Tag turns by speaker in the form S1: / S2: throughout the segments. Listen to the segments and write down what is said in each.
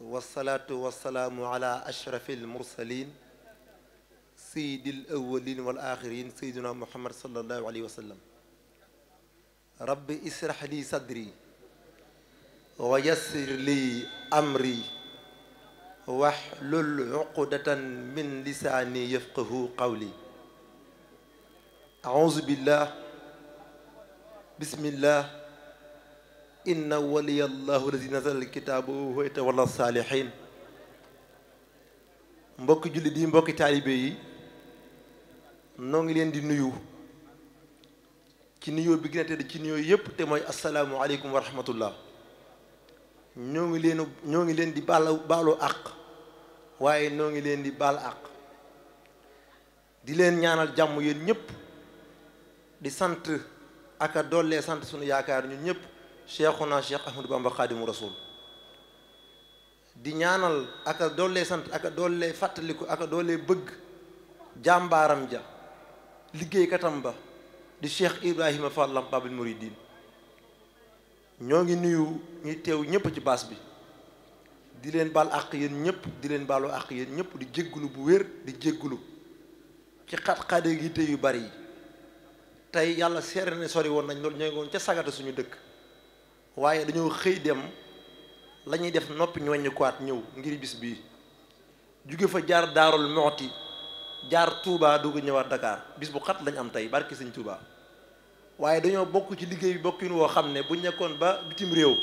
S1: wasalaatu wasalaamu ala ashrafi almursalin sayidi al awalin wal axirin sayiduna muhammad salallahu alayhi wa sallam rabbi israh li sadri wa yassir li amri wahlul uqdatan min lisaani yafqahu qawli auzu billah bismillah inna waliya allahu lazi nazala alkitaabu huwa yatawalla saalihin mbokki jullit yi mbokki taalibe yi noo ngi leen di nuyu ci nuyoo bi gën a ci nuyoo yépp te mooy asalaamu aleykum wa ñoo ngi leen di baal baalu àq waaye noo ngi leen di baal àq di leen ñaanal jàmm yéen ñëpp di sant ak a dollee sant sunu yaakaar ñun ñëpp cheikhuna cheikh ahmadou bamba xaadimu rasul di ñaanal aka doollee sant aka doollee fàttaliku aka doollee bëgg jàmbaaram ja liggéeykatam ba di cheikh ibrahima fall lamp babil muridin ñoo ngi nuyu ñu teew ñëpp ci baas bi di leen baal àq yéen ñëpp di leen baalu àq yéen ñëpp di jéggulu bu wér di jéggulu ci xat-xade gi te yu bari yi tey yàlla seere na sori woon nañ loolu ñoo ngi woon ca sagata suñu dëkk waaye dañoo xëy dem lañuy def noppi ñooñu kuwaat ñëw ngir bis bi jóge fa jaar daarul moxti jaar Touba dugg ñëwaat Dakar bis bu xat lañ am tey barki sëñ Touba waaye dañoo bokk ci liggéey bi bokkin woo xam ne bu nekkoon ba bitim réew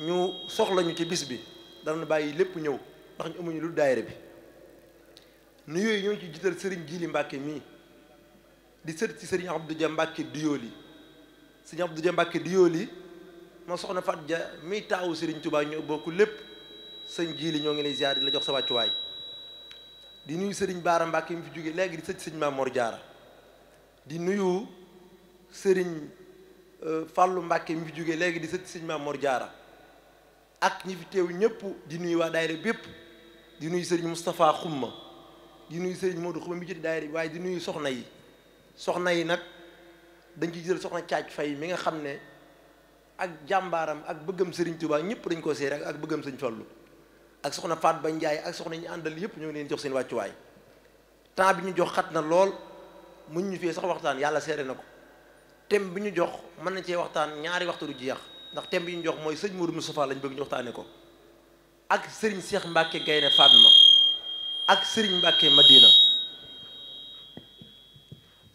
S1: ñu soxlañu ci bis bi danañ bàyyi lépp ñëw ndax ñu amuñu lu daayira bi nu yooyu ñoo ci jiital sëriñ Jili Mbàkke mii di sët ci sëriñ Abdou Dia Mbàkke Diyooli sëñ Abdou de Mbàkke di yooli ma soxna Fat Dia mi taawu Sëriñ Tuubaa ñu bokk lépp sëñ ji li ñoo ngi lay ziar la jox sa wàccuwaay di nuyu sëriñ Baara Mbàkke mi fi jóge léegi di sëj sëñ Maam Mor di nuyu sëriñ euh, Fàllu Mbàkke mi fi jóge léegi di sëj sëñ Maam Mor Jaara ak ñi fi teew ñëpp di nuyu waa daayira bépp di nuyu sëriñ Moustapha Xumma di nuyu sëriñ Modou Xumma mi jëti daayira waaye di nuyu soxna yi soxna yi nag dañu ci jël soxna caaj fay mi nga xam ne ak jàmbaaram ak bëggam sëriñ Tuubaa ñëpp dañ koo séer ak ak bëggam sëñ Fallu ak soxna Faat Ba Njaay ak soxna ñu àndal yëpp ñoo ngi leen jox seen wàccuwaay temps bi ñu jox xat na lool mun ñu sax waxtaan yàlla seere na ko thème bi ñu jox mën na cee waxtaan ñaari waxtu du jeex ndax thème bi ñu jox mooy sëñ Mourou Moustapha lañ bëgg ñu waxtaane ko ak sëriñ seex Mbacke Gaynde Fatma ak sëriñ Mbacke Madina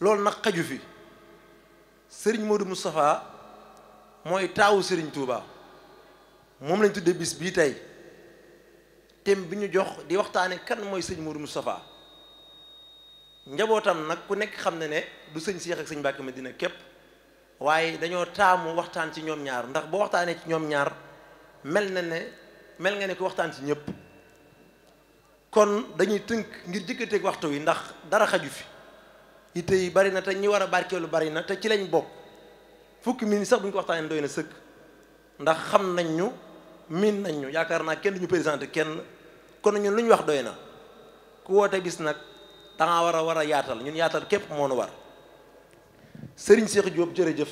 S1: loolu nag xaju fi sëriñ Modou Moustapha mooy taawu sëriñ Touba moom lañ tuddee bis bii tey thème bi ñu jox di waxtaanee kan mooy sëriñ Modou Moustapha njabootam nag ku nekk xam ne ne du sëñ Seex ak sëñ Mbàkke dina képp waaye dañoo taamu waxtaan ci ñoom ñaar ndax boo waxtaanee ci ñoom ñaar mel na ne mel nga ne ko waxtaan ci ñëpp kon dañuy tënk ngir jëkkateeg waxtu wi ndax dara xaju fi yitte yi bari na te ñi war a barkeelu bari na te ci lañ bokk fukki minit sax bu ñu ko doy na sëkk ndax xam nañ ñu miin nañ ñu yaakaar naa kenn ñu présenté kenn kon ñun lu ñu wax doy na ku woote bis nag danga war a war a yaatal ñun yaatal képp moo nu war Serigne Cheikh Diop jërëjëf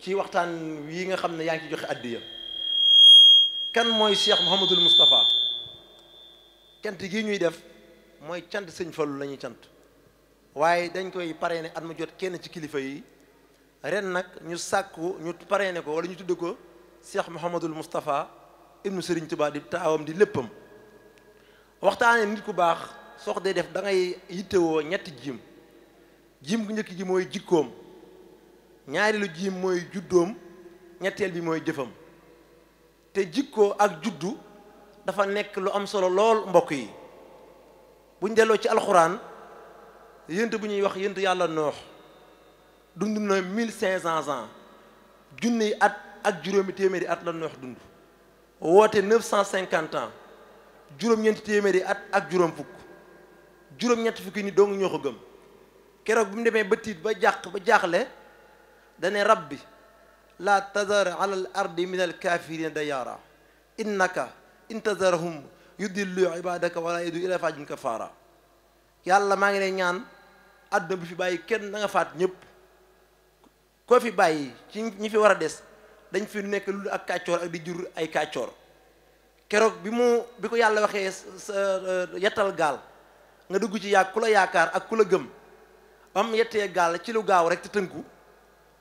S1: ci waxtaan wi nga xam ne yaa ngi ci joxe addiya kan mooy Cheikh Mouhamadul Moustapha cant gi ñuy def mooy cant sëñ Fallu lañuy ñuy cant waaye dañ koy parrainé at mu jot kenn ci kilifa yi ren nag ñu sàkku ñu paree ne ko wala ñu tudd ko Cheikh Mouhamadul Moustapha ibnu Serigne Touba di taawam di léppam waxtaanee nit ku baax sox dee def dangay ngay yittewoo ñetti jiim jiim bu njëkk ji mooy jikkoom ñaareelu jiim mooy juddoom ñetteel bi mooy jëfam te jikkoo ak juddu dafa nekk lu am solo lool mbokk yi buñ delloo ci alxuraan. yënt bu ñuy wax yënt yàlla noox dund na mille cinq cent ans junni at ak juróomi téeméeri at la noox dund woote neuf cent cinquante ans juróom-ñeenti téeméeri at ak juróom fukk juróom-ñett fukki ni dong ñoo ko gëm keroog bu mu demee ba tiit ba jàq ba jaaxle dane rabbi laa tadar ala al ardi min al kaafirina dayaara innaka intazarahum yudillu ibadaka wala yadu ila fajin kafaara yàlla maa ngi ne ñaan àdduna bu fi bàyyi kenn na nga faat ñëpp koo fi bàyyi ci ñi fi war a des dañ fi nekk lu ak kàccoor ak di jur ay kàccoor keroog bi mu bi ko yàlla waxee sa euh, yettal gaal nga dugg ci yaa ku la yaakaar ak ku la gëm am yettee gaal ci lu gaaw rek te tënku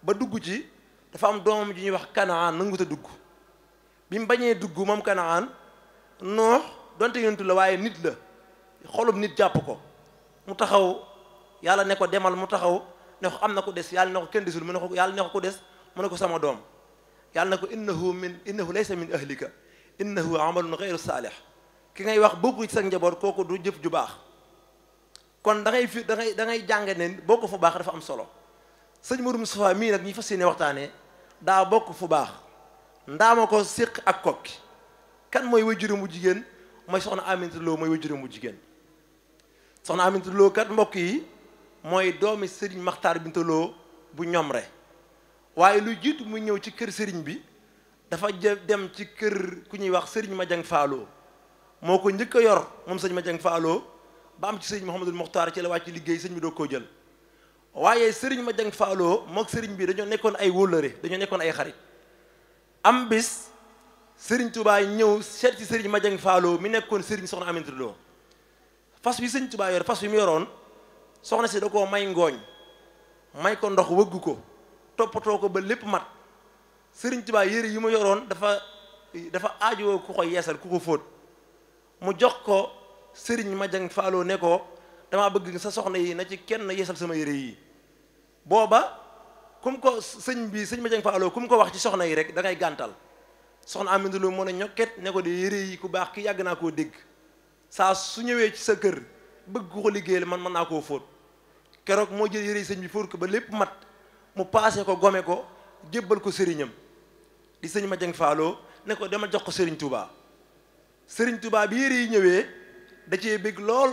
S1: ba dugg ci dafa am doomam ji ñuy wax kanaan nangu ta dugg bi mu bañee dugg moom kanaan noox donte yontu la waaye nit la xolum nit jàpp ko mu taxaw yàlla ne ko demal mu taxaw ne ko am na ko des yàlla ne ko kenn desul mu ne ko ko yàlla ne ko ku des mu ne ko sama doom yàlla ne ko innahu min innahu laysa min ahlika innahu amalun ghayru saalih ki ngay wax bokku ci sa njaboot kooku du jëf ju baax kon da ngay fi da ngay da ne bokk fu baax dafa am solo sëñ Mourou Moustapha mii nag ñi fas yéene waxtaanee daa bokk fu baax ndaa ma ko séq ak kokki kan mooy wajuram bu jigéen mooy soxna Aminata Lo mooy wajuram bu yi mooy doomi sëriñ maxtaar bintaloo bu ñoom re waaye lu jiitu mu ñëw ci kër sëriñ bi dafa dem ci kër ku ñuy wax sëriñ ma jang faaloo moo ko njëkk a yor moom sëriñ ma jang faaloo ba am ci sëriñ Mouhamadul Mokhtar ci la wàcc liggéey sëriñ bi koo jël waaye sëriñ ma jang faaloo mook sëriñ bi dañoo nekkoon ay wóllëre dañoo nekkoon ay xarit am bis sëriñ Touba ñëw seet ci sëriñ ma jang faaloo mi nekkoon sëriñ soxna Aminata Lo fas wi sëriñ Touba yor fas wi mu yoroon soxna si da koo may ngooñ may ko ndox wëggu ko toppatoo ko ba lépp mat Sëriñ Tuubaa yére yi mu yoroon dafa dafa aajowoo ku ko yeesal ku ko fóot mu jox ko sëriñ ma jang faaloo ne ko damaa bëgg sa soxna yi na ci kenn yeesal sama yére yi booba kum ko sëñ bi sëñ ma jang faaloo kum ko wax ci soxna yi rek dangay gàntal soxna Aminata Lo moo ne ñokket ne ko de yére yi ku baax ki yàgg naa koo dégg saa su ñëwee ci sa kër bëgg ku ko liggéeyal man mën naa koo fóot keroog moo jël yëre sëñ bi fóor ko ba lépp mat mu paase ko gome ko jébbal ko sëriñam di sëñ ma jëng faaloo ne ko dama jox ko sëriñ Touba sëriñ Touba bi yëre yi ñëwee da cee bég lool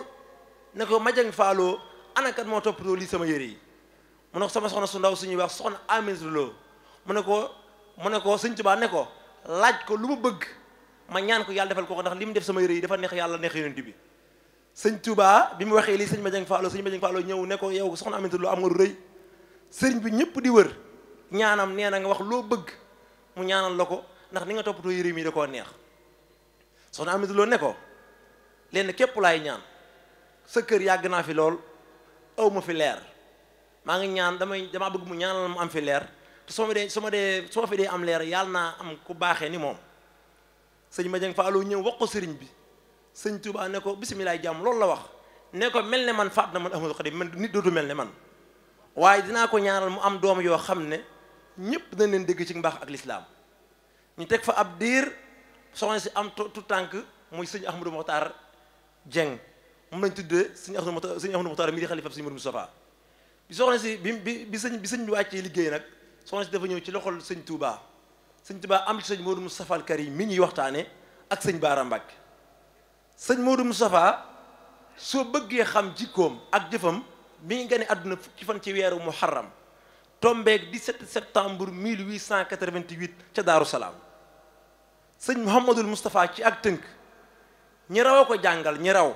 S1: nekkoo ko ma jëng faaloo anakat moo toppatoo lii sama yére yi mu ne ko sama soxna su ndaw suñuy wax soxna Amis Lo mu ne ko mu ne ko sëñ Touba ne ko laaj ko lu mu bëgg ma ñaan ko yàlla defal ko ko ndax li mu def sama yëre yi dafa neex yàlla neex yonent bi sëñ Touba bi mu waxee li sëñ Madiang Fallo sëñ Madiang Fallo ñëw ne ko yow soxna Aminta Lo am nga rëy sëriñ bi ñëpp di wër ñaanam nee na nga wax loo bëgg mu ñaanal la ko ndax ni nga toppatoo yëre mi da koo neex soxna Aminta Lo ne ko lenn képp laay ñaan sa kër yàgg naa fi lool aw fi leer maa ngi ñaan damay damaa bëgg mu ñaanal mu am fi leer te soo ma dee soo ma dee soo fi dee am leer yàlla naa am ku baaxee ni moom sëñ Madiang Fallo ñëw wax ko sëriñ bi. sëñ Touba ne ko bisimilah jàmm loolu la wax ne ko mel ne man faat na man Ahmadou Khadim man nit dootu mel ne man waaye dinaa ko ñaanal mu am doom yoo xam ne ñëpp dañ leen dégg ci mbaax ak lislaam ñu teg fa ab diir soxna si am tout tànk muy sëñ Ahmadou Mokhtar Dieng moom lañ tuddee sëñ Ahmadou Mokhtar sëñ Ahmadou Mokhtar mii di xalifa sëñ Modou Moustapha bi soxna si bi bi bi sëñ bi sëñ bi wàccee liggéey nag soxna si dafa ñëw ci loxol sëñ Touba sëñ Touba am ci sëñ Modou Moustapha al Karim mi ñuy waxtaane ak sëñ Baara sëñ Modou Moustapha soo bëggee xam jikkoom ak jëfam bi ngi gane àdduna fukki fan ci weeru muharram tombeeg 17 septembre 1888 ca Daaru Salaam sëñ Mouhamadul mustafaa ci ak tënk ñi raw ko jàngal ñi raw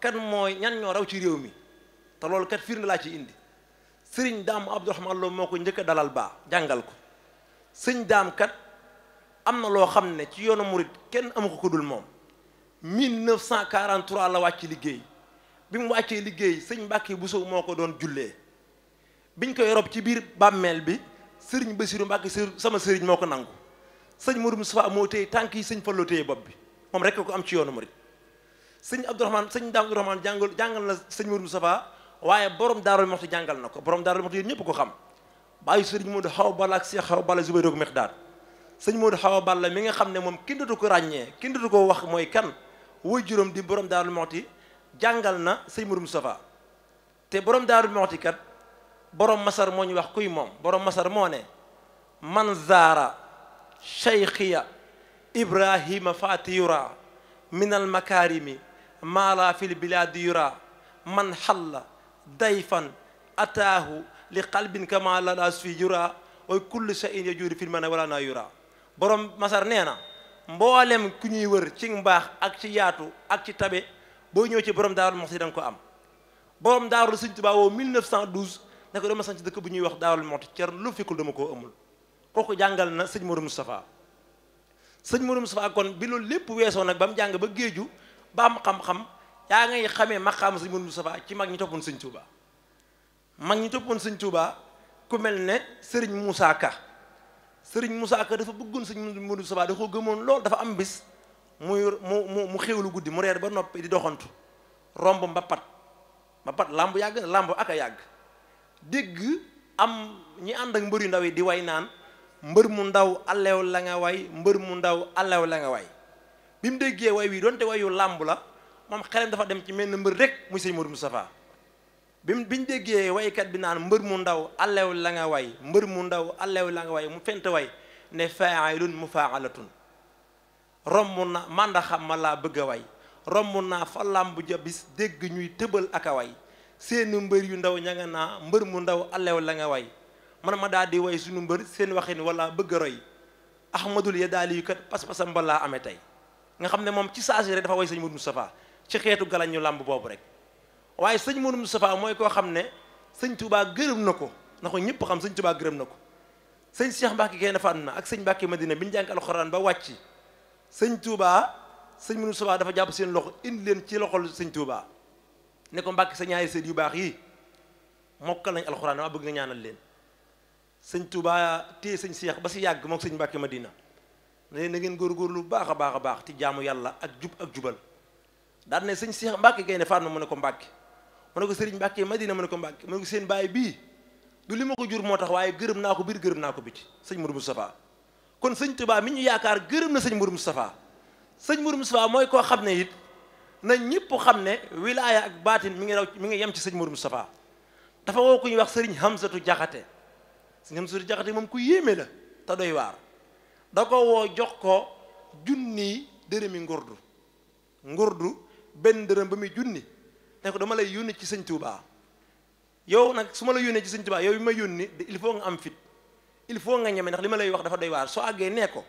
S1: kan mooy ñan ñoo raw ci réew mi te loolu kat firnde laa ci indi sëriñ daam Abdourahman loo moo ko njëkk a dalal baa jàngal ko sëñ daam kat am na loo xam ne ci yoonu murit kenn amu ko ko dul moom 1943 la wàcc liggéey bi mu wàccee liggéey sëñ Mbàkke Bousso moo ko doon jullee biñ koy rob ci biir bàmmeel bi sëriñ Basiru Mbàkke sama sëriñ moo ko nangu sëñ Mourou Moustapha moo téye tànk yi sëñ Fallu bopp bi moom rek ko am ci yoonu murit sëñ Abdourahmane sëñ Daam Abdourahmane jàngal jàngal na sëñ Mourou Moustapha waaye borom Daaru Muxti jàngal na ko borom Daaru Muxti yéen ñépp ko xam bàyyi sëriñ Moodu Xawa Balla ak Seex Xawa Balla Zubeyru Mixdaar sëñ Moodu Xawa Balla mi nga xam ne moom kenn dootu ko ràññee kenn dootu ko wax mooy kan wuy juróom di borom daarul moxti jàngal na sëñ Mourou Moustapha te borom daarul moxti kat borom masar moo ñu wax kuy moom borom masar moo ne man zaara cheykhiya ibrahima faati yura min al makarimi maala fil biladi yura man xalla dayfan ataahu li qalbin kama la la fi yura way kullu shay'in yajuuri fil mana wala naa yura borom masar nee na mboolem ki ñuy wër ci mbaax ak ci yaatu ak ci tabe boo ñëw ci borom daarul moxti da nga ko am borom daarul sëñ Tuubaa woo 1912 ne ko dama sañ ci dëkk bu ñuy wax daarul moxti cer lu fikkul dama koo amul kooku jàngal na sëñ Modou Moustapha sëñ Modou Moustapha kon bi loolu lépp weesoo nag ba mu jàng ba géeju ba am xam-xam yaa ngay xamee maqaam sëñ Modou Moustapha ci mag ñi toppoon sëñ Tuubaa mag ñi toppoon sëñ Tuubaa ku mel ne Sëriñ Moussa Ka sëriñ Moussa dafa bëggoon sëriñ Modou Saba da ko gëmoon lool dafa am bis muy mu mu xéwlu guddi mu reer ba noppi di doxantu romb mbapat mbapat làmb yàgg làmb ak a yàgg dégg am ñi ànd ak mbër yu ndaw yi di way naan mbër mu ndaw allew la way mbër mu ndaw allew la nga way bi mu déggee way wi donte wayu làmb la moom xelam dafa dem ci mel ne mbër rek muy sëriñ Modou Moustapha bi bi ñu déggee waykat bi naan mbër mu ndaw allew la nga way mbër mu ndaw allew la nga way mu fent way ne faailun mufaalatun romb na manda xam ma laa bëgg a way romb naa fa làmb ja dégg ñuy tëbal ak a way seen mbër yu ndaw ña nga naa mbër mu ndaw allew la nga way man ma daal di way suñu mbër seen waxin wala bëgg a roy ahmadul ya daali yu kat pas-pasam balaa amee tey nga xam ne moom ci saasi rek dafa way sëñ Mourou Moustapha ci xeetu galañ ñu làmb boobu rek waaye sëñ Mourou Moustapha mooy koo xam ne sëñ Touba gërëm na ko na ko ñëpp xam sëñ Touba gërëm na ko sëñ Cheikh Mbacke Gaïndé Fatma ak sëñ Mbacke Madina bi ñu jàng alxuraan ba wàcc sëñ Touba sëñ Mourou dafa jàpp seen loxo indi leen ci loxol sëñ Touba ne ko Mbacke sa yu baax yi mokkal nañ alxuraan dama bëgg nga leen sëñ Touba téye sëñ Cheikh ba si yàgg mook sëñ Mbacke Madina ne na ngeen góorgóorlu baax a baax a baax ci jaamu yàlla ak jub ak jubal daan ne sëñ Cheikh Mbacke Gaïndé Fatma mu ne ko Mbacke ma ne ko sëriñ Mbàkke Madina ma ne ko Mbàkke ma ne ko seen baay bii du li ma ko jur moo tax waaye gërëm naa ko biir gërëm naa ko biti sëñ Mourou Moustapha kon sëñ Tuubaa mi ñu yaakaar gërëm na sëñ Mourou Moustapha sëñ Mourou Moustapha mooy koo xam ne it na ñëpp xam ne wilaaya ak baatin mi ngi raw mi ngi yem ci sëñ Mourou Moustapha dafa woo ko ñuy wax sëriñ Hamsatu Jaxate sëriñ Hamsatu Jaxate moom ku yéeme la te doy waar da ko woo jox ko junni dërëmi ngurdu ngurdu benn dërëm ba muy junni ne ko dama lay yónni ci sëñ Touba yow nag su ma la yónnee ci sëñ Touba yow bi ma yónni il faut nga am fit il faut nga ñeme ndax li ma lay wax dafa doy waar soo àggee nee ko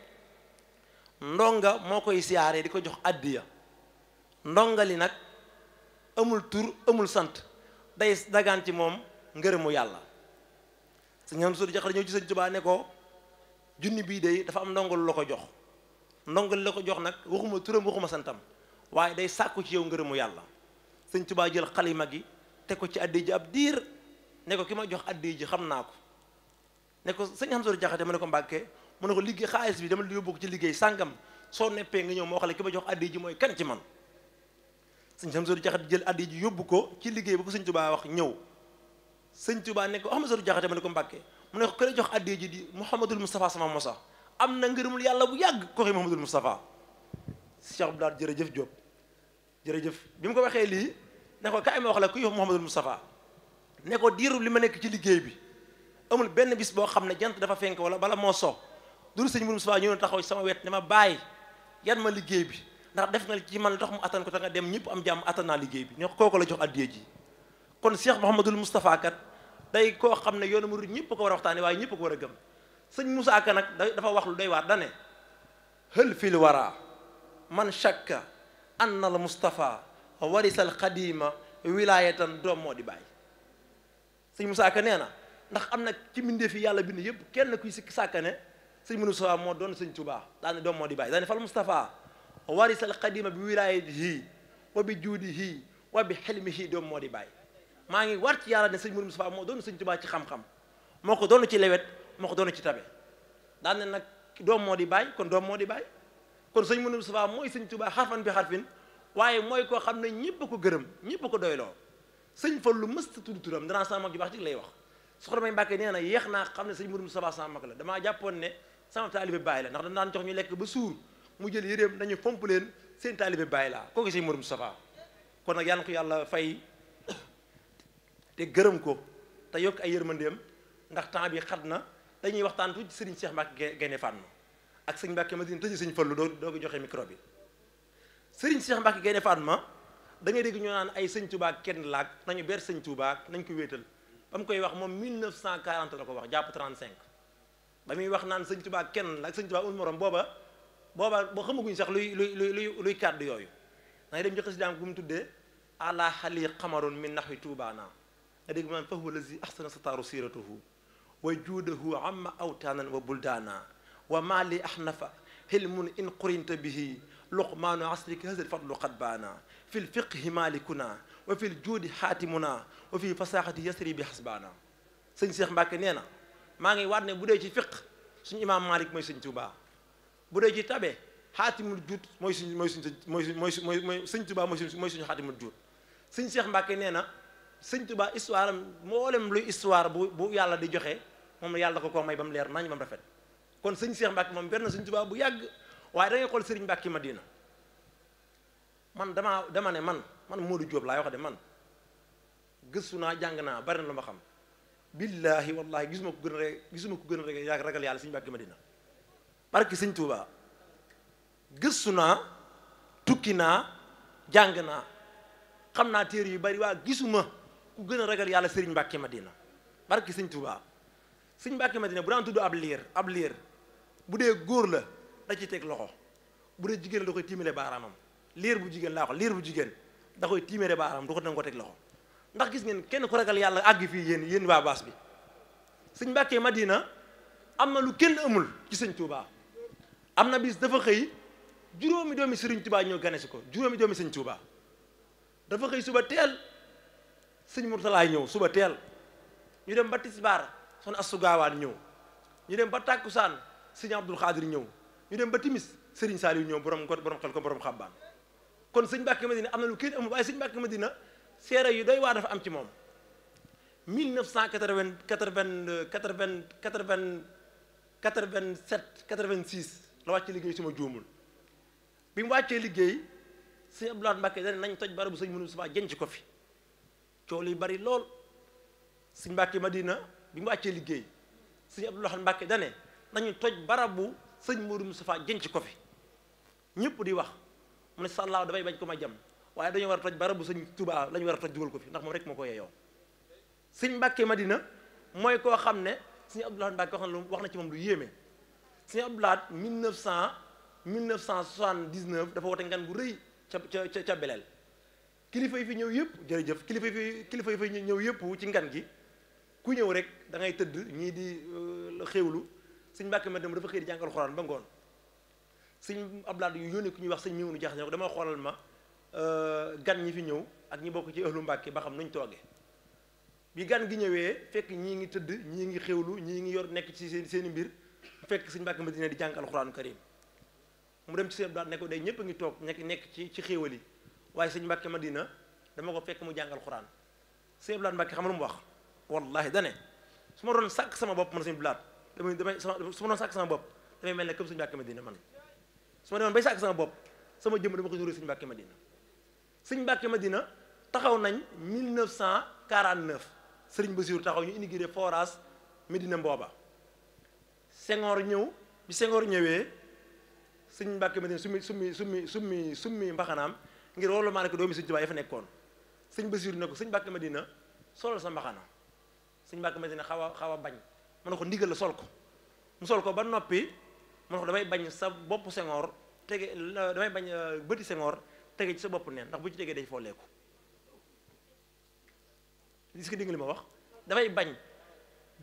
S1: ndonga moo koy siyaaree di ko jox addiya ndonga li nag amul tur amul sant day dagaan ci moom ngërëmu yàlla sëñ am sori jaxare ñëw ci sëñ Touba ne ko junni bii day dafa am ndongalu la ko jox ndongali la ko jox nag waxuma turam waxuma santam waaye day sàkku ci yow ngërëmu yàlla sëñ tubaa jël xalima gi te ko ci addi ji ab diir ne ki ma jox addi ji xam naa ko nekk ko sëñ Amsatu Jaxate ma ne ko Mbàkke mu ne ko liggéey xaalis bi dama la yóbbu ci liggéey sàngam soo neppee nga ñëw moo xam ki ma jox addi ji mooy kan ci man sëñ Amsatu Jaxate jël addi yóbbu ko ci liggéey ba ko sëñ wax ñëw sëñ Tuubaa ne ko oh, Amsatu Jaxate ma ne ko Mbàkke mu ne ko kër jox addi ji di Mouhamadul Moustapha sama mosa am na ngërëmul yàlla bu yàgg ko xëy Mouhamadul Moustapha Cheikh Abdoulaye jëf Diop jërëjëf bi mu ko waxee lii ne ko kaay ma wax la kuy wax Mouhamadul Moustapha ne ko diiru li ma nekk ci liggéey bi amul benn bis boo xam ne jant dafa fenk wala bala moo so duru sëñ Mourou Moustapha ñëw taxaw sama wet ne bàyyi yan ma liggéey bi ndax def na ci man tax mu attan ko te nga dem ñëpp am jàmm attan liggéey bi ne kooku la jox addiya ji kon Cheikh Mouhamadul Moustapha kat day koo xam ne yoonu murid ñëpp ko war a waxtaane waaye ñëpp war a gëm sëñ Moussa Ka nag dafa wax lu doy waar dane hël fil wara man shakka anna al Mustafa warisal xadiima wilaayatan doom moo di bàyyi sëñ Musaa Ka nee na ndax am na ci mbindéef yi yàlla bind yëpp kenn kuy sikk sàkka ne sëñ mënu Musaa moo doon sëñ Tuubaa daane doom di bàyyi daane fal Mustafa warisal xadiima bi wilaayatihi wa bi juudihi wa bi xilmihi doom moo di bàyyi maa ngi war ci yàlla ne sëñ mënu Musaa moo doon sëñ Tuubaa ci xam-xam moo ko doon ci lewet moo ko doon ci tabe daane nag doom moo di bàyyi kon doom moo di bàyyi kon sëñ Mounou Moustapha mooy sëñ Touba xarfan bi xarfin waaye mooy koo xam ne ñëpp ko gërëm ñëpp ko doyloo sëñ Fallu mësta tudd turam danaa sama mag ju baax ci lay wax soxna may Mbàkke nee na yéex naa xam ne sëñ Mounou Moustapha sama mag la damaa jàppoon ne sama taalibe bàyyi la ndax dañ daan jox ñu lekk ba suur mu jël yëréem dañu fomp leen seen taalibe bàyyi laa kooku sëñ Mounou Moustapha kon nag yàlla yàlla fay te gërëm ko te yokk ay yërmandeem ndax temps yi xat na dañuy waxtaan tuuti ci sëriñ Cheikh gen Gaynde Fatma ak sëñ Mbàkke Madina tëj sëñ Fallu doo doo joxe micro bi sëriñ Cheikh Mbàkke Gaynde Fatma da ngay dégg ñu naan ay sëñ Touba kenn laag nañu ber sëñ Touba nañ ko wéetal ba mu koy wax moom 1940 la ko wax jàpp 35 ba muy wax naan sëñ Touba kenn laag sëñ Touba un morom booba booba boo xamaguñ sax luy luy luy luy kàddu yooyu da ngay dem ci xasidaam gu mu tuddee ala xali xamaroon min naxwi Touba naa nga dégg mu naan fa huwa lazi axsana sataaru siratuhu wa juudahu amma awtaanan wa buldaana wa maa li ahnafa hilmun in qurinta bihi luqmaanu asrika hazal fadlu qad baana fi lfiqhi maalikuna wa fi ljuudi xaatimuna wa fi fasaxati yasri bi xasbaana sëñ Cheikh Mbacke nee na maa ngi waat ne bu dee ci fiq suñu imaam Malik mooy sëñ Tuubaa bu dee ci tabe xaatimul juud mooy suñ mooy suñ mooy mooy mooy mooy sëñ Tuubaa mooy suñ mooy suñu xaatimul juud sëñ Cheikh Mbacke nee na sëñ Tuubaa histoire am mboolem luy histoire bu bu yàlla di joxe moom la yàlla da ko ko may ba mu leer nañ ba mu rafet kon sëñ Cheikh Mbacke moom ber na sëñ Tuubaa bu yàgg waaye da ngay xool sëriñ Mbacke Madina man damaa dama ne man man Modou Diop laay wax de man gëstu naa jàng naa bari na lu ma xam billaahi wallaahi gisuma ko gën a rek ko gën rek ragal yàlla sëñ Mbacke Madina barki sëñ Tuubaa gëstu naa tukki naa jàng naa xam naa téere yu bari waa ma ku gën a ragal yàlla sëriñ Mbacke Madina barki sëñ Tuubaa sëñ Mbacke Madina bu daan tudd ab liir ab liir bu dee góor la da ciy loxo bu dee jigéen la da koy tiimale baaraamam liir bu jigéen laa ko liir bu jigéen da koy tiimale baaraam du ko danga ko teg loxo ndax gis ngeen kenn ku ragal yàlla àgg fii yéen yéen baabaas baas bi sëñ Mbàkke Madina am na lu kenn amul ci sëñ Tuubaa am na bis dafa xëy juróomi doomi sëriñ Tuubaa ñoo gane si ko juróomi doomi sëñ Tuubaa dafa xëy suba teel sëñ Murtalaa ñëw suba teel ñu dem ba tisbaar son asugaawaan ñëw ñu dem sëñ Abdul Xaadir ñëw ñu dem ba timis sëriñ Saaliw ñëw borom ko borom xel ko borom xabbaan kon sëñ Mbàkke Madina am na lu kenn amul waaye sëñ Mbàkke Madina seere yu doy waa dafa am ci moom 1980 80 80 80 87 86 la wàcce liggéey suma juumul bi mu wàccee liggéey sëñ Abdoulaye Mbàkke dane nañ toj barabu sëñ mënu subaa jenc ko fi coow li bari lool sëñ Mbàkke Madina bi mu wàccee liggéey sëñ Abdoulaye Mbàkke dane dañu toj bu sëñ mu Moustapha jën ci ko fi ñëpp di wax mu ne sàllaaw damay bañ ko ma jam waaye dañu war a toj barabu sëñ tubaa lañu war a toj dugal ko fi ndax moom rek moo ko yeeyoo sëñ Mbàkke Madina mooy koo xam ne sëñ Abdoulaye Mbàkke wax na lu wax na ci moom lu yéeme sëñ Abdoulaye 1900 1979 dafa woote ngan bu rëy ca ca ca Belel kilifa yi fi ñëw yëpp jërëjëf kilifa yi kilifa yi fi ñëw yëpp ci ngan gi ku ñëw rek da tëdd ñii di euh, xéwlu. sëñ Mbàkke ma dem dafa xëy di jàngal xoraan ba ngoon sëñ Abdoulaye yu yónni ku ñuy wax sëñ Miwunu Jaxate ne ko dama xoolal ma euh, gan ñi fi ñëw ak ñi bokk ci ëllu Mbàkke ba xam nuñ toogee bi gan gi ñëwee fekk ñii ngi tëdd ñii ngi xewlu ñii ngi yor nekk ci seen seeni mbir fekk sëñ Mbàkke ma dina di jàng alxuraanu karim mu dem ci seen daal ne ko day ñëpp a ngi toog nekk nekk ci ci xéewal yi waaye sëñ Mbàkke Madina dama ko fekk mu jàngal xuraan sëñ Blaat Mbàkke xam lu mu wax wallahi dane su ma doon sàkk sama bopp man sëñ Blaat damay damay su ma doon sàkk sama bopp damay mel ne comme suñu Mbàkke Madina man su ma demoon bay sàkk sama bopp sama jëmm dama ko nuuree suñu Mbàkke Madina suñu Mbàkke Madina taxaw nañ 1949 Serigne Bassirou taxaw ñu inauguré forage Medina Mbooba Senghor ñëw bi Senghor ñëwee Serigne Mbàkke Madina summi summi summi summi summi mbaxanaam ngir wolu maa ne ko doomi fa nekkoon Serigne Bassirou ne ko Serigne Mbàkke Madina solal sa mbaxana Serigne Mbàkke Madina xaw a xaw a bañ ma ne ko ndigal la sol ko mu sol ko ba noppi ma ne ko damay bañ sa bopp sengoor tege damay bañ euh, bëti sengoor tege ci sa bopp neen ndax bu ci tegee day folleeku gis li ma wax damay bañ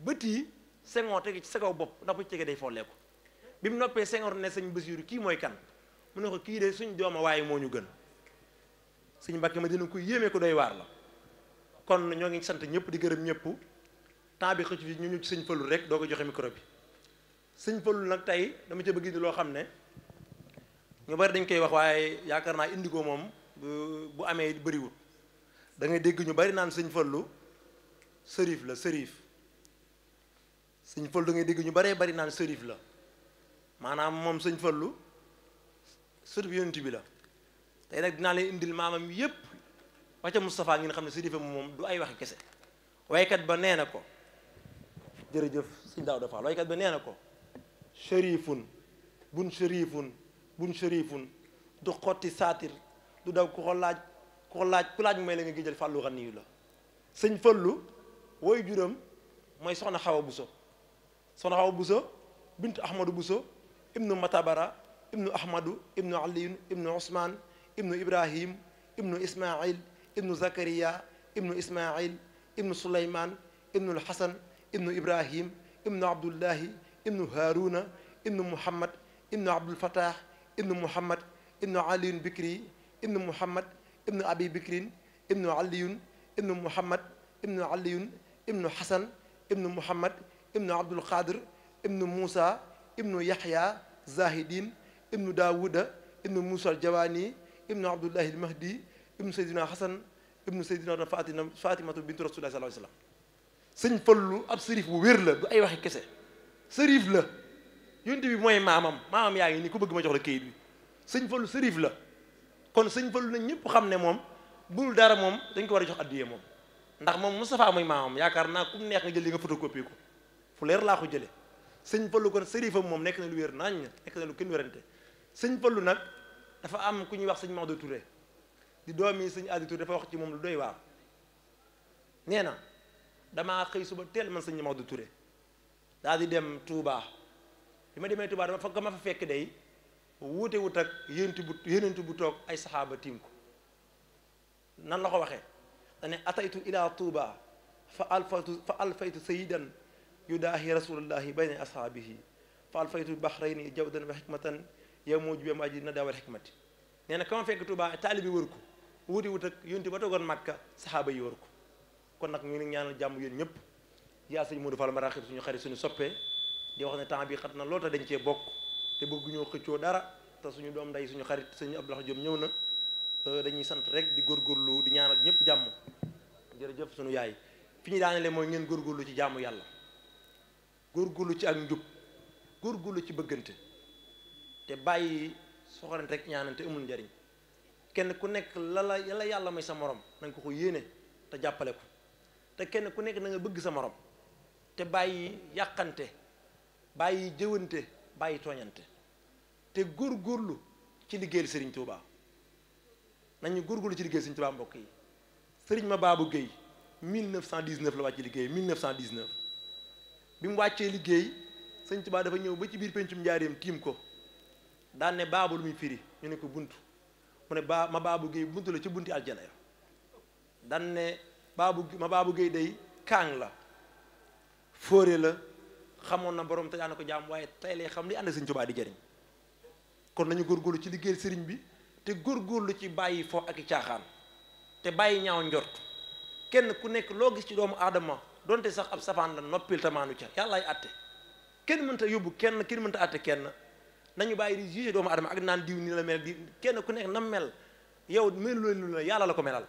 S1: bëti sengoor tege ci sa kaw bopp ndax bu ci tegee day folleeku bi mu noppee sengoor ne sëñ Basiiru kii mooy kan mu ne ko kii de suñ dooma waaye moo ñu gën sëñ Mbàkke ma dina ko yéeme ko doy waar la kon ñoo ngi sant ñëpp di gërëm ñëpp temps bi xëcc fi ñu ñu ci sëñ Fallou rek doo ko joxe micro bi sëñ Fallou nag tey dama ca bëgg ni loo xam ne ñu bari dañ koy wax waaye yaakaar naa indi ko moom bu amee bëriwul dangay ngay dégg ñu bari naan sëñ Fallou sërif la sërif sëñ Fallou da ngay dégg ñu baree bari naan sërif la maanaam moom sëñ Fallou sërif yonent bi la tey nag dinaa leen indil maamam yépp wacca Moustapha ngeen xam ne sërifam moom du ay waxi kese waykat ba nee na ko jërëjëf sëñ Daawda Fall waykat bi nee na ko shérifun bun shérifun bun shérifun du xotti saatir du daw ku ko laaj ku ko laaj ku laaj may la fàllu xan niyu la woy juram mooy soxna xawa buso soxna xawa buso bintu ahmadu buso ibnu matabara ibnu ahmadu ibnu aliyun ibnu usman ibnu ibrahim ibnu ismail ibnu zakariya ibnu ismail ibnu suleyman ibnu alxasan ibnu ibrahim ibnu abdullahi ibnu haaruna ibnu muhammad ibnu abdulfatah ibnu muhammad ibnu aliyun bikri ibnu muhammad ibnu abi bikrin ibnu aliyun ibnu muhammad ibnu aliyun ibnu hasan ibnu muhammad ibnu abdulqadir ibnu moussa ibnu yahya zahidin ibnu daawuda ibnu moussa aljawani ibnu abdullahi almahdi ibnu seydina hasan ibnu seydina fatima fatimatu bintu rasulillah sallallahu alayhi wa sallam sëñ lu ab sërif bu wér la du ay waxi kese sërif la yonent bi mooy maamam maamam yaa ngi nii ku bëgg ma jox la kayit bi sëñ Fallu sërif la kon sëñ Fallu na ñëpp xam ne moom bul dara moom dañ ko war a jox addiye moom ndax moom Moustapha mooy maamam yaakaar naa ku mu neex nga jël li nga photocopie ko fu leer laa ko jële sëñ Fallu kon sërifam moom nekk na lu wér nañ nekk na lu kenn wérante sëñ Fallu nag dafa am ku ñuy wax sëñ Maodo ture di doomi sëñ Adi dafa wax ci moom lu doy waar nee na damaa xëy suba teel man sëñ Maodo Touré daal di dem Touba bi ma demee Touba dama fa ma fa fekk day wuute wut ak yénentu bu yénentu bu toog ay saxaaba tiim ko nan la ko waxee dane ataytu ila Touba fa alfaytu fa alfaytu sayidan yudaahi rasulullahi bayna ashaabihi fa alfaytu bahrayni jawdan wa xikmatan yow moo jubee maa ji na daawal xikmati nee na kama fekk Touba taalibi wër ko wuute wut ak yénentu ba toogoon Makka saxaaba yi wër ko kon nag ñu ngi ñaanal jàmm yéen ñëpp yaa sëñ Modou Fall Maraxib suñu xarit suñu soppee di wax ne temps bi xat na lool te dañ cee bokk te bëgguñoo xëccoo dara te suñu doom nday suñu xarit sëñ Abdoulaye Diop ñëw na euh, dañuy sant rek di góor góorlu di ñaanal ñëpp jàmm jërëjëf suñu yaay fi ñu daanele mooy ngeen góorgóorlu ci jàmm yàlla góor góorlu ci ak njub góorgóorlu ci bëggante te bàyyi soxorante rek ñaanante amul njariñ kenn ku nekk la la yàlla may sa morom na ko ko yéene te jàppale ko te kenn ku nekk na nga bëgg sa morom te bàyyi yàqante bàyyi jëwante bàyyi tooñante te góor góorgóorlu ci liggéeyal Serigne Touba nañu góorgóorlu ci liggéeyal Serigne Touba mbokk yi sëriñ ma Babou Gueye 1919 la wàcc liggéey 1919 bi mu wàccee liggéey Serigne Touba dafa ñëw ba ci biir pencum njaareem tiim ko daan ne baabu lu muy firi ñu ne ko bunt mu ne baa ma Babou géey bunt la ci bunti aljana ya daan baabu ma baabu géey day kaang la fóore la xamoon na boroom te daana ko jaam waaye tey lay xam li ànd sëñ Tuubaa di jëriñ kon nañu góor góorlu ci liggéey sëriñ bi te góor góorgóorlu ci bàyyi fo ak i caaxaan te bàyyi ñaaw njort kenn ku nekk loo gis ci doomu aadama donte sax ab safaan la noppil tamaanu ca yàllaay atte kenn mënta yóbbu kenn kenn mënta atte kenn nañu bàyyi di juge doomu aadama ak naan diw ni la mel di kenn ku nekk nam mel yow melu lu la ko melal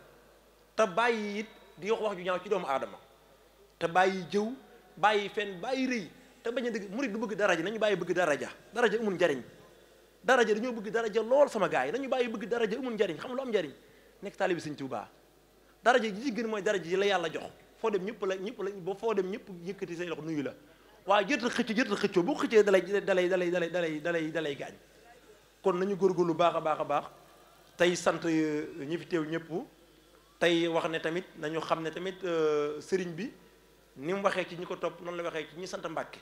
S1: di wax wax ju ñaaw ci doomu aadama te bàyyi jëw bàyyi fen bàyyi rëy te bañ a dëgg murid du bëgg daraja nañu bàyyi bëgg daraja daraja amul njariñ daraja dañoo bëgg daraja lool sama gars yi nañu bàyyi bëgg daraja amul njariñ xam lu am njariñ nekk taalibi Sëñ Tuubaa daraja ji ci gën mooy daraja ji la yàlla jox foo dem ñëpp la ñëpp la boo foo dem ñëpp yëkkati say loxo nuyu la waaye jërta xëcc jërta xëccoo boo xëccee dalay dalay dalay dalay dalay dalay dalay gaañ kon nañu góorgóorlu baax a baax a baax tey sant euh, ñi fi teew ñëpp tey wax ne tamit nañu xam ne tamit euh, sëriñ bi ni mu waxee ci ñi ko topp noonu la waxee ci ñi sant Mbàkke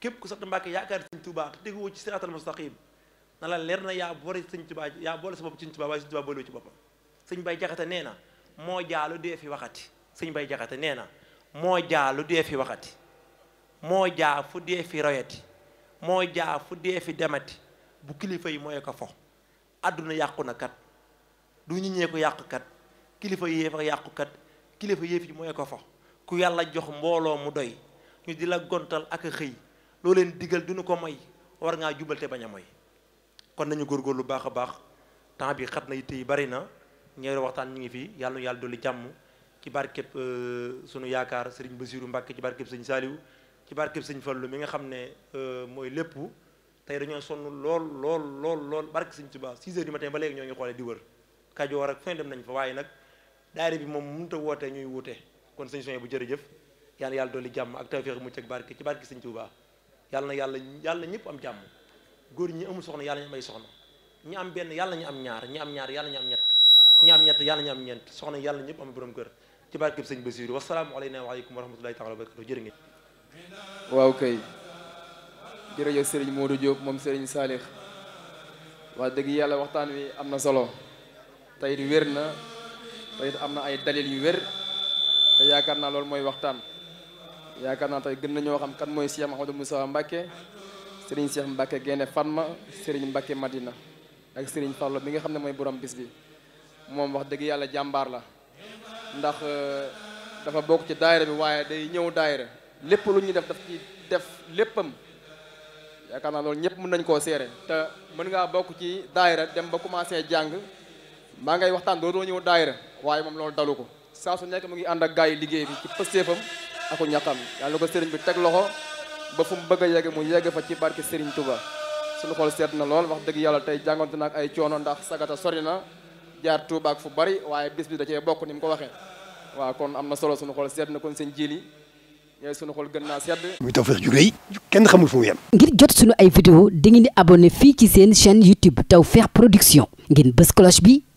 S1: képp ku sant Mbàkke yaakaar sëriñ Tuubaa te teguwoo ci siraatal mustaqim na la leer na yaa boole sëñ Tuubaa yaa boole sa bopp ci sëriñ Tuubaa waaye ci boppam sëñ Bay Jaxate nee na moo jaalu dee fi waxati sëñ Bay Jaxate nee na moo jaalu dee fi waxati moo jaa fu dee fi royati moo jaa fu dee fi demati bu kilifa yi mooy ko fo àdduna yàqu na kat du ñu ñee ko kilifa yéef ak yàqukat kilifa yéef yi mooy ko fa ku yàlla jox mbooloo mu doy ñu di la gontal ak xëy loo leen digal du ñu ko moy war ngaa jubal te bañ a moy kon nañu lu baax a baax temps bi xat na yitte yi bari na ñeeri waxtaan ñu ngi fi yàlla nu yàlla dolli jàmm ci barkeb euh, sunu yaakaar sëriñ Basiiru Mbàkke ci barkeb sëñ Saaliw ci barkeb sëñ Fallu mi nga xam ne euh, mooy lépp tey dañoo sonn lool lool lool lool barke sëñ Tuubaa 6 heures du matin ba léegi ñoo ngi xoolee di wër Kajoor nañ fa waaye nag daayira bi moom mënut a woote ñuy wuute kon sëñ soñe bu jërëjëf yàlla yàlla dolli jàmm ak tawféex mucc ak barke ci barke sëñ Tuubaa yàlla na yàlla yàlla ñëpp am jàmm góor ñi amul soxna yàlla ñu am soxna ñi am benn yàlla ñu am ñaar ñi am ñaar yàlla ñu am ñett ñi ñett yàlla ñu am ñeent soxna yàlla ñëpp am borom kër ci barkeb sëñ Basiru wasalaamu aleyna wa aleykum wa rahmatullahi taala wa barakatu jërë ngeen
S2: waaw kay jërëjëf sëriñ Modou Diop moom sëriñ Saalix waa dëgg yàlla waxtaan wi am na solo tey wér na te it am na ay dalil yu wér yaakaar naa loolu mooy waxtaan yaakaar naa tey gën nañoo xam kan mooy ma Cheikh Mouhamadou Moussa Mbacké Serigne Cheikh fan ma Fatma Serigne Mbacké Madina ak Serigne Fallo bi nga xam ne mooy borom bis bi moom wax dëgg yàlla jàmbaar la ndax euh, dafa bokk ci daayira bi waaye day ñëw daayira lépp lu ñuy def daf ci def léppam yaakaar naa loolu ñëpp mën nañ koo seere te mën ngaa bokk ci daayira dem ba commencé jàng maa ngay waxtaan dootoo ñëw daayira waaye moom loolu dalu ko saa su nekk mu ngi ànd ak gars yi liggéey bi ci pëstéefam ak ko ñaqam yàlla ko sëriñ bi teg loxo ba fu mu bëgg a yegg mu yegg fa ci barke Serigne Touba suñu xool seet na lool wax dëgg yàlla tey jàngonte nag ay coono ndax sagata sori na jaar Touba fu bari waaye bis bi da cee bokk ni mu ko waxee waaw kon am na solo suñu xool seet na kon seen jiili yooyu sunu xol gën naa sedd. muy Tawfekh ju kenn xamul fu mu yem.
S1: ngir ay vidéo dangeen di fii ci seen chaîne YouTube Tawfekh Production ngeen bës cloche bi.